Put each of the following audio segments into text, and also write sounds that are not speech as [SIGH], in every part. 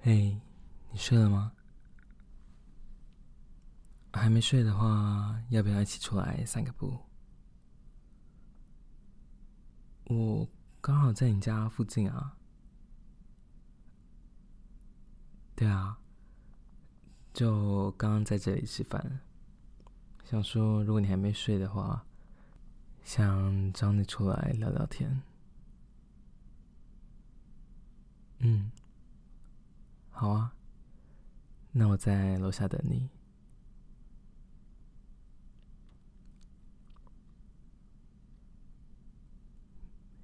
嘿，hey, 你睡了嗎？還沒睡的話，要不要一起出來散個步？我剛好在你家附近啊。對啊，就剛剛在這裡吃飯，想說如果你還沒睡的話，想找你出來聊聊天。嗯。好啊，那我在樓下等你。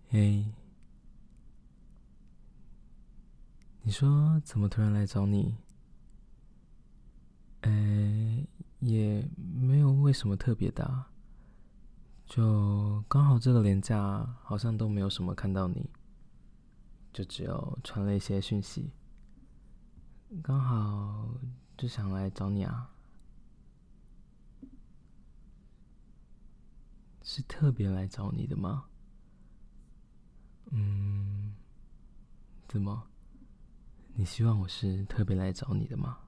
哎、欸，你說怎麼突然來找你？哎、欸，也沒有為什麼特別的，就剛好這個連假好像都沒有什麼看到你，就只有傳了一些訊息。剛好就想來找你啊，是特別來找你的嗎？嗯，怎麼？你希望我是特別來找你的嗎？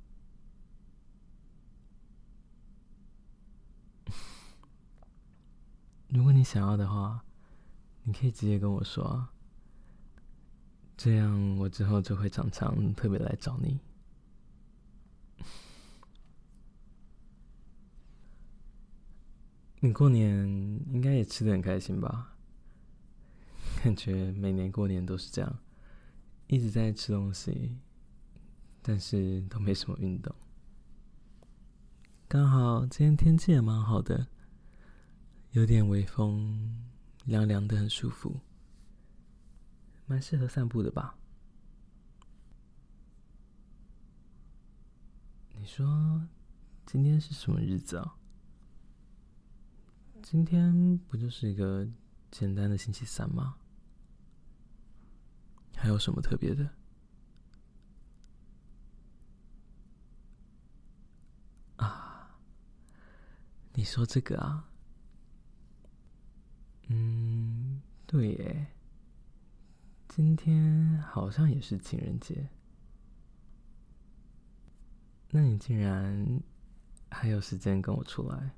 [LAUGHS] 如果你想要的話，你可以直接跟我說啊，這樣我之後就會常常特別來找你。你過年應該也吃得很開心吧？感覺每年過年都是這樣，一直在吃東西，但是都沒什麼運動。剛好今天天氣也蠻好的，有點微風，涼涼的很舒服，蠻適合散步的吧。你說今天是什麼日子啊？今天不就是一個簡單的星期三嗎？還有什麼特別的？啊，你說這個啊？嗯，對耶。今天好像也是情人節。那你竟然還有時間跟我出來？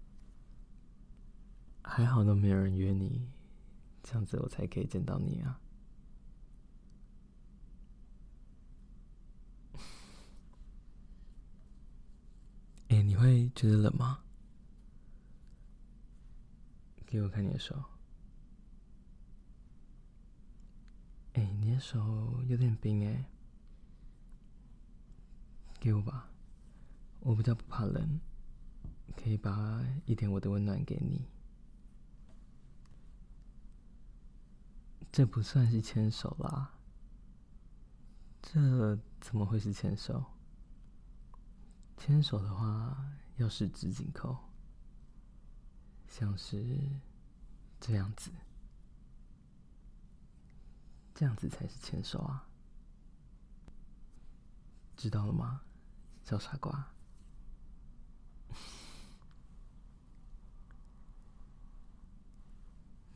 還好都沒有人約你，這樣子我才可以見到你啊！哎，你會覺得冷嗎？給我看你的手。哎，你的手有點冰哎。給我吧。我比較不怕冷，可以把一點我的溫暖給你。這不算是牽手啦，這怎麼會是牽手？牽手的話要十指緊扣，像是這樣子，這樣子才是牽手啊，知道了嗎，小傻瓜？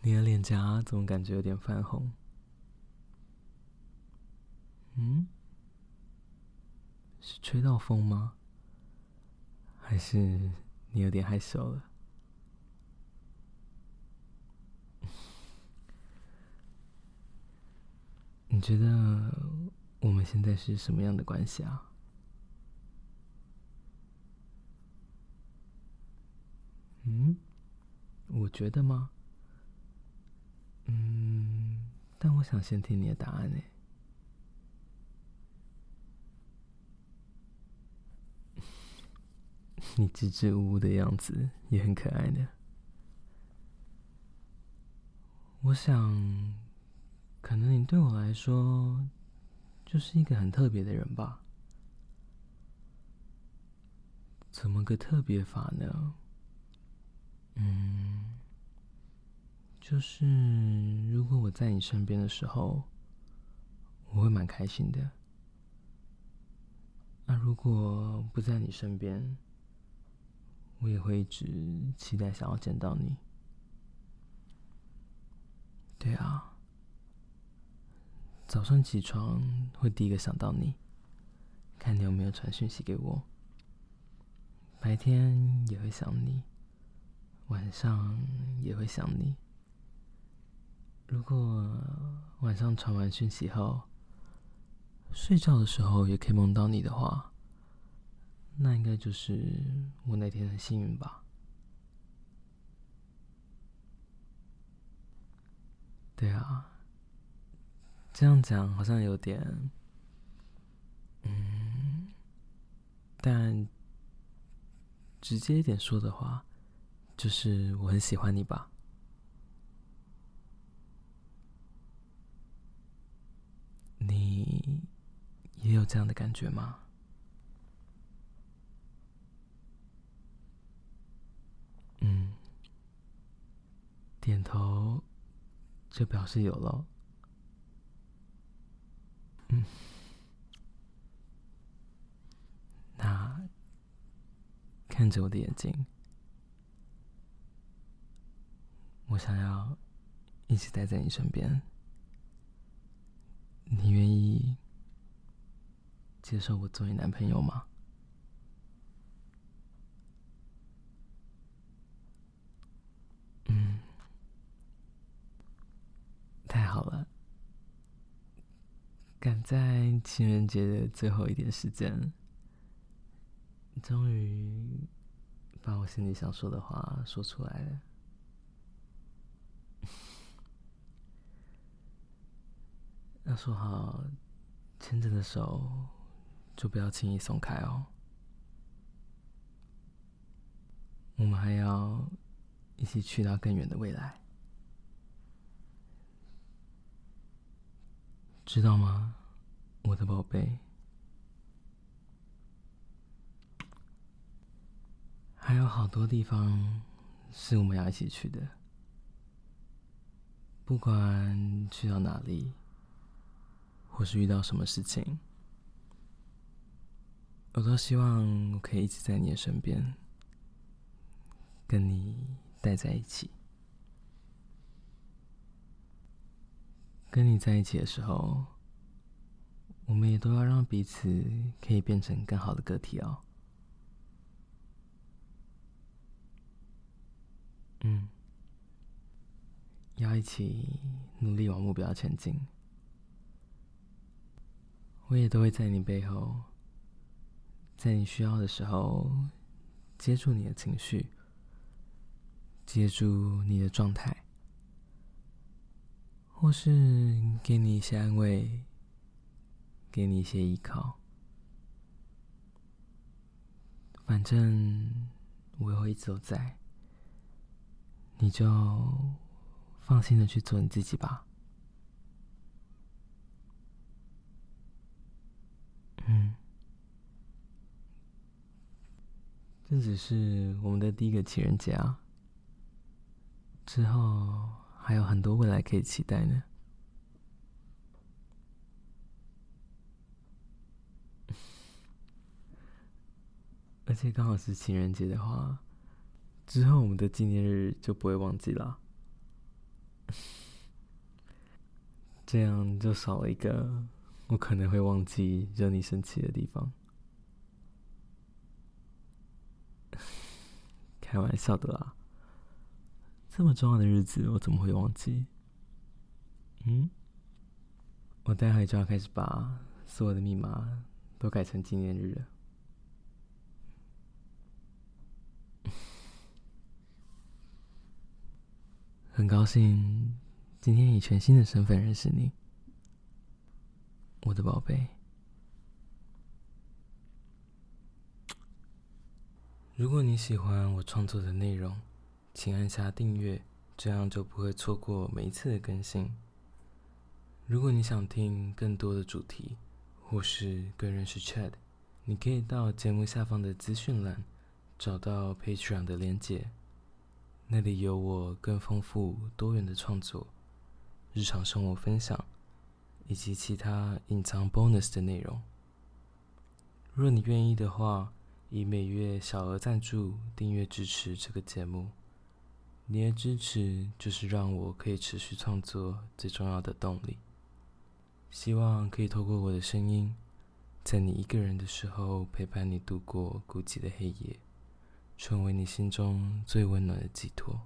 你的臉頰怎麼感覺有點泛紅？嗯，是吹到風嗎？還是你有點害羞了？你覺得我們現在是什麼樣的關係啊？嗯，我覺得嗎？但我想先聽你的答案耶 [LAUGHS] 你支支吾吾的樣子也很可愛的。我想，可能你對我來說，就是一個很特別的人吧？怎麼個特別法呢？嗯。就是如果我在你身邊的時候，我會蠻開心的。那如果不在你身邊，我也會一直期待想要見到你。對啊，早上起床會第一個想到你，看你有沒有傳訊息給我。白天也會想你，晚上也會想你。如果晚上傳完訊息後，睡覺的時候也可以夢到你的話，那應該就是我那天很幸運吧？對啊，這樣講好像有點……嗯，但直接一點說的話，就是我很喜歡你吧。有這樣的感覺嗎？嗯，點頭就表示有了。嗯，那，看着我的眼睛，我想要一直待在你身邊，你願意？接受我做你男朋友嗎？嗯，太好了！趕在情人節的最後一點時間，終於把我心裡想說的話說出來了。要說好，牽着的手。就不要輕易鬆開哦。我們還要一起去到更遠的未來，知道嗎？我的寶貝。還有好多地方是我們要一起去的。不管去到哪裡，或是遇到什麼事情，我都希望我可以一直在你的身邊，跟你待在一起。跟你在一起的時候，我們也都要讓彼此可以變成更好的個體哦。嗯，要一起努力往目標前進。我也都會在你背後。在你需要的時候，接住你的情緒，接住你的狀態，或是給你一些安慰，給你一些依靠。反正我也會一直都在，你就放心的去做你自己吧。這只是我們的第一個情人節啊，之後還有很多未來可以期待呢。而且剛好是情人節的話，之後我們的紀念日就不會忘記了，這樣就少了一個我可能會忘記惹你生氣的地方。開玩笑的啦、啊，這麼重要的日子我怎麼會忘記？嗯，我待會就要開始把所有的密碼都改成紀念日了。很高興今天以全新的身份認識你，我的寶貝。如果你喜歡我創作的內容，請按下訂閱，這樣就不會錯過每一次的更新。如果你想聽更多的主題，或是更認識 Chad，你可以到節目下方的資訊欄找到 Patreon 的連結，那裡有我更豐富多元的創作、日常生活分享以及其他隱藏 Bonus 的內容。若你願意的話，以每月小額贊助、訂閱支持這個節目，你的支持就是讓我可以持續創作最重要的動力。希望可以透過我的聲音，在你一個人的時候陪伴你度過孤寂的黑夜，成為你心中最溫暖的寄托。